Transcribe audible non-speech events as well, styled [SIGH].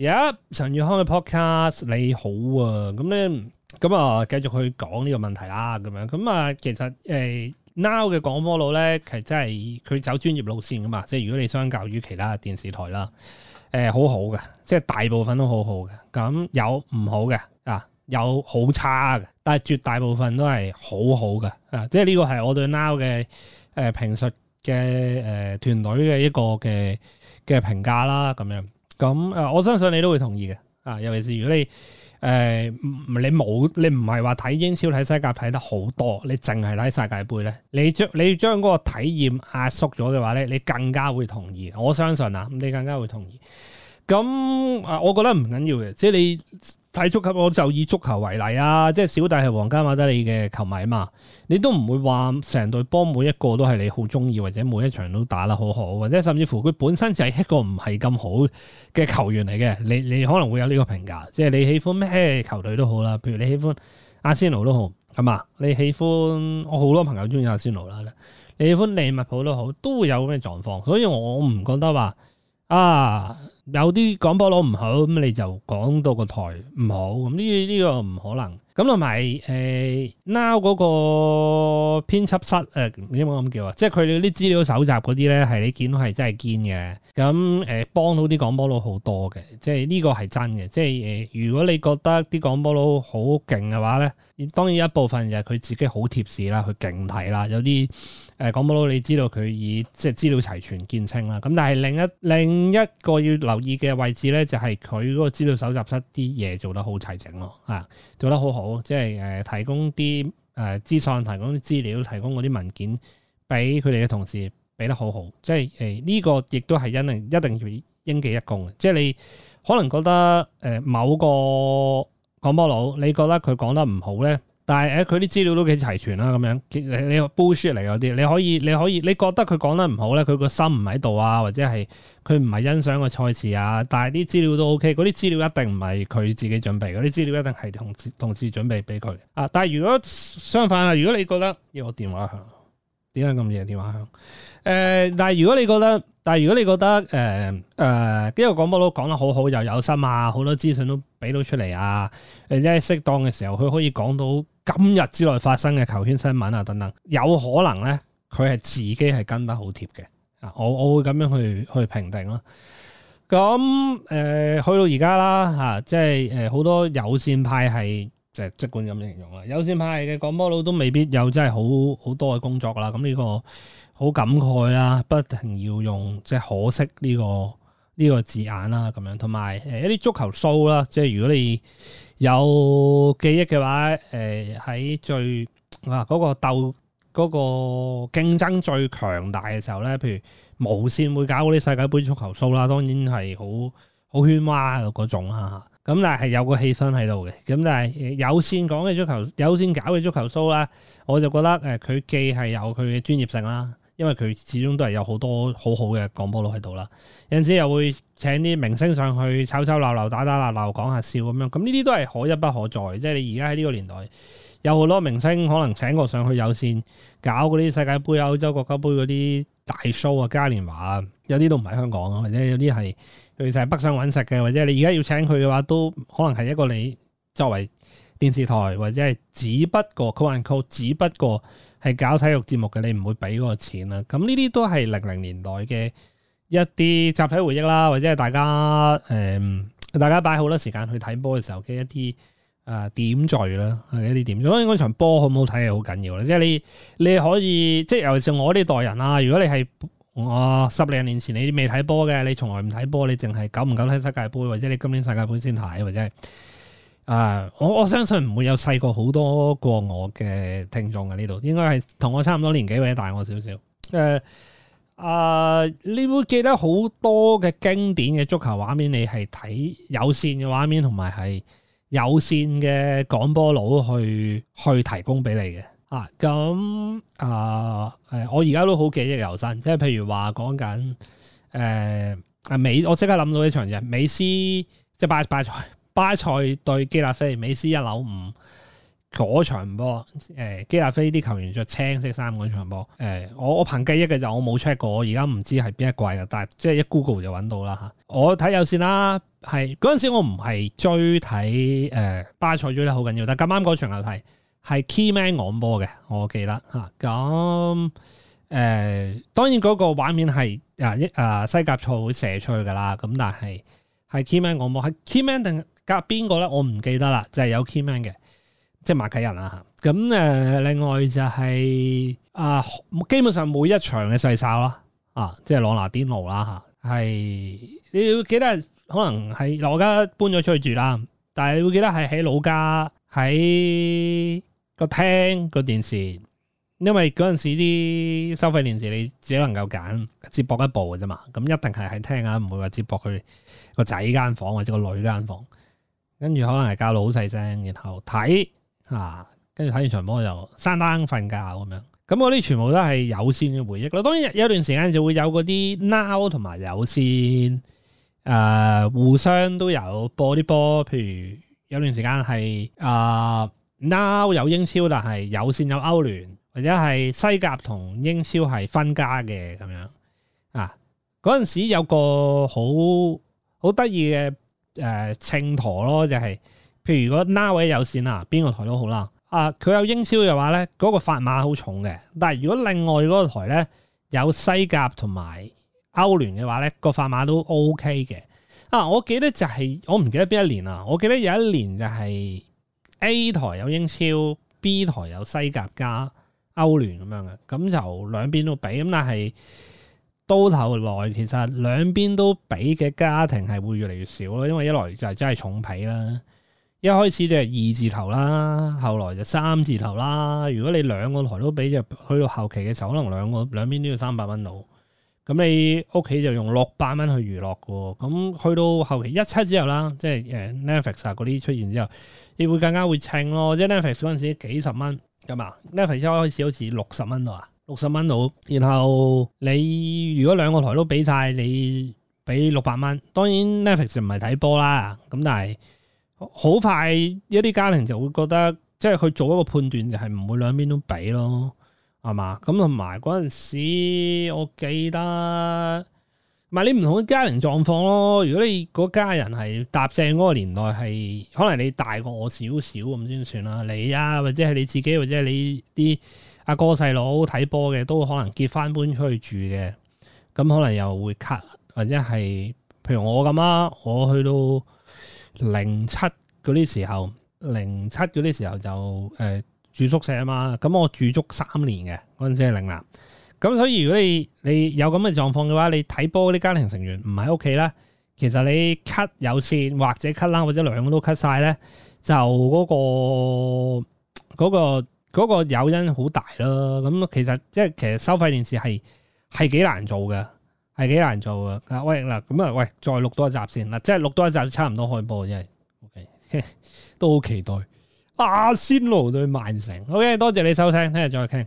而家陳宇康嘅 podcast 你好啊，咁咧咁啊，繼續去講呢個問題啦，啊，咁樣咁啊，其實誒、呃、now 嘅廣播路咧其實真係佢走專業路線噶嘛，即係如果你相較於其他電視台啦，誒、呃、好好嘅，即係大部分都好、嗯、好嘅，咁有唔好嘅啊，有好差嘅，但係絕大部分都係好好嘅啊，即係呢個係我對 now 嘅誒評述嘅誒團隊嘅一個嘅嘅評價啦，咁樣。咁誒，我相信你都會同意嘅。啊，尤其是如果你誒、呃，你冇，你唔係話睇英超、睇西甲、睇得好多，你淨係睇世界杯咧，你將你將嗰個體驗壓縮咗嘅話咧，你更加會同意。我相信啊，你更加會同意。咁啊、嗯，我覺得唔緊要嘅，即係你睇足球，我就以足球為例啊！即係小弟係皇家馬德里嘅球迷嘛，你都唔會話成隊波每一個都係你好中意，或者每一場都打得好好，或者甚至乎佢本身就係一個唔係咁好嘅球員嚟嘅，你你可能會有呢個評價。即係你喜歡咩球隊都好啦，譬如你喜歡阿仙奴都好，係嘛？你喜歡我好多朋友中意阿仙奴啦，你喜歡利物浦都好，都會有咁嘅狀況。所以我唔覺得話啊～有啲廣播佬唔好，咁你就講到個台唔好，咁呢呢個唔、這個、可能。咁同埋誒 Now 嗰個編輯室你有冇咁叫啊？即係佢哋啲資料搜集嗰啲咧，係你見到係真係堅嘅。咁、嗯、誒幫到啲廣播佬好多嘅，即係呢個係真嘅。即係、呃、如果你覺得啲廣播佬好勁嘅話咧，當然一部分就係佢自己好貼士啦，佢勁睇啦。有啲誒廣播佬你知道佢以即係資料齊全見稱啦。咁、嗯、但係另一另一個要留。意嘅位置咧，就係佢嗰個資料搜集室啲嘢做得好齊整咯，啊，做得好好，即係誒、呃、提供啲誒、呃、資訊，提供啲資料，提供嗰啲文件俾佢哋嘅同事，俾得好好，即係誒呢個亦都係一定一定要應記一功，即係你可能覺得誒、呃、某個講波佬，你覺得佢講得唔好咧？但係誒，佢啲資料都幾齊全啦，咁樣，你你 bullshit 嚟嗰啲，你可以你可以，你覺得佢講得唔好咧，佢個心唔喺度啊，或者係佢唔係欣賞個賽事啊。但係啲資料都 OK，嗰啲資料一定唔係佢自己準備，嗰啲資料一定係同，同事同事準備俾佢啊。但係如果相反啦，如果你覺得，咦、哎、我電話響，點解咁夜電話響？誒、呃，但係如果你覺得，但係如果你覺得誒誒，呢、呃呃這個廣播佬講得好好，又有，有心啊，好多資訊都俾到出嚟啊，誒即係適當嘅時候，佢可以講到今日之內發生嘅球圈新聞啊等等，有可能咧佢係自己係跟得好貼嘅、嗯呃、啊，我我會咁樣去去評定咯。咁誒去到而家啦嚇，即係誒好多有線派係。即管咁形容啦，有線派嘅講波佬都未必有真係好好多嘅工作啦。咁呢個好感慨啦，不停要用即係、即係、可惜呢、呢個呢、呢個字眼啦，咁樣同埋誒一啲足球 show 啦。即係如果你有記憶嘅話，誒喺最嗱嗰、嗰個鬥嗰、嗰個競爭最強大嘅時候咧，譬如無線會搞嗰啲世界盃足球 show 啦，當然係好好喧嘩嘅嗰種啦。咁但係有個氣氛喺度嘅，咁但係有線講嘅足球，有線搞嘅足球 show 啦，我就覺得誒，佢既係有佢嘅專業性啦，因為佢始終都係有好多好好嘅廣播佬喺度啦，有陣時又會請啲明星上去吵吵鬧鬧打打鬧鬧講下笑咁樣，咁呢啲都係可一不可再，即係你而家喺呢個年代。有好多明星可能請過上去有線搞嗰啲世界盃啊、歐洲國家盃嗰啲大 show 啊、嘉年華啊，有啲都唔喺香港咯，或者有啲係佢就係北上搵食嘅，或者你而家要請佢嘅話，都可能係一個你作為電視台或者係只不過 c a 只不過係搞體育節目嘅，你唔會俾嗰個錢啦。咁呢啲都係零零年代嘅一啲集體回憶啦，或者係大家誒、呃、大家擺好多時間去睇波嘅時候嘅一啲。啊，點綴啦，係一啲點綴。當然嗰場波好唔好睇係好緊要啦，即係你你可以，即係尤其是我呢代人啦、啊。如果你係我、啊、十零年前你未睇波嘅，你從來唔睇波，你淨係久唔久睇世界盃，或者你今年世界盃先睇，或者係啊，我我相信唔會有細過好多過我嘅聽眾嘅呢度，應該係同我差唔多年紀或者大我少少。誒、呃、啊，你會記得好多嘅經典嘅足球畫面，你係睇有線嘅畫面同埋係。有線嘅廣播佬去去提供俾你嘅啊，咁、嗯、啊，係、哎、我而家都好記憶猶新，即係譬如話講緊誒啊美，我即刻諗到呢場嘢，美斯即係巴塞巴塞對基拉菲，美斯一漏五嗰場波，誒、哎、基拉菲啲球員着青色衫嗰場波，誒、哎、我我憑記憶嘅就我冇 check 過，我而家唔知係邊一季嘅，但係即係一 Google 就揾到啦嚇、啊，我睇有線啦。係嗰陣時我唔係追睇誒巴塞追得好緊要，但係咁啱嗰場又係係 Keyman 攞波嘅，我記得吓。咁、啊、誒、啊，當然嗰個畫面係啊一啊西甲賽會射出去噶啦。咁、啊、但係係 Keyman 攞波，係 Keyman 定隔邊個咧我唔記得啦，就係、是、有 Keyman 嘅，即係馬啟仁啦吓。咁、啊、誒、啊，另外就係、是、啊，基本上每一場嘅細哨、啊、啦，啊，即係朗拿甸奴啦吓，係你要記得。可能喺我家搬咗出去住啦，但係你會記得係喺老家喺個廳個電視，因為嗰陣時啲收費電視你只能夠揀接駁一部嘅啫嘛，咁、嗯、一定係喺廳啊，唔會話接駁佢個仔間房或者個女間房，跟住可能係教到好細聲，然後睇啊，跟住睇完場波就閂燈瞓覺咁樣，咁我啲全部都係有線嘅回憶咯，當然有段時間就會有嗰啲 Now 同埋有線。誒、呃，互相都有播啲波，譬如有段時間係啊，Now 有英超，但係有線有歐聯，或者係西甲同英超係分家嘅咁樣啊。嗰陣時有個好好得意嘅，誒，秤砣咯，就係譬如如果 Now 位有線啊，邊個台都好啦。啊，佢有英超嘅話咧，嗰、嗰個砝碼好重嘅。但係如果另外嗰個台咧有西甲同埋。歐聯嘅話咧，個法碼都 OK 嘅啊！我記得就係、是、我唔記得邊一年啦。我記得有一年就係 A 台有英超，B 台有西甲加歐聯咁樣嘅，咁就兩邊都俾咁，但係到頭來其實兩邊都俾嘅家庭係會越嚟越少咯，因為一來就真係重皮啦，一開始就二字頭啦，後來就三字頭啦。如果你兩個台都俾就去到後期嘅時候，可能兩個兩邊都要三百蚊到。咁、嗯、你屋企就用六百蚊去娛樂嘅，咁、嗯、去到後期一七之後啦，即係誒 Netflix 嗰啲出現之後，你會更加會清咯。即係 Netflix 嗰陣時幾十蚊咁啊 Netflix 一開始好似六十蚊到啊，六十蚊到。然後你如果兩個台都俾晒，你俾六百蚊。當然 Netflix 唔係睇波啦，咁但係好快一啲家庭就會覺得，即係佢做一個判斷就係唔會兩邊都俾咯。係嘛？咁同埋嗰陣時，我記得，唔係你唔同嘅家庭狀況咯。如果你嗰家人係搭正嗰個年代，係可能你大過我少少咁先算啦。你啊，或者係你自己，或者係你啲阿哥細佬睇波嘅，都可能結翻搬出去住嘅。咁可能又會 cut，或者係譬如我咁啊，我去到零七嗰啲時候，零七嗰啲時候就誒。呃住宿舍啊嘛，咁我住足三年嘅。嗰陣時係零啊，咁所以如果你你有咁嘅狀況嘅話，你睇波啲家庭成員唔喺屋企咧，其實你 cut 有線或者 cut line 或者兩個都 cut 曬咧，就嗰個嗰個嗰個誘因好大咯。咁其實即係其實收費電視係係幾難做嘅，係幾難做嘅。啊喂嗱，咁啊喂，再錄多一集先嗱、啊，即係錄多一集差唔多開播，真係 OK， [LAUGHS] 都好期待。阿仙奴對曼城，OK，多謝你收聽，聽日再傾。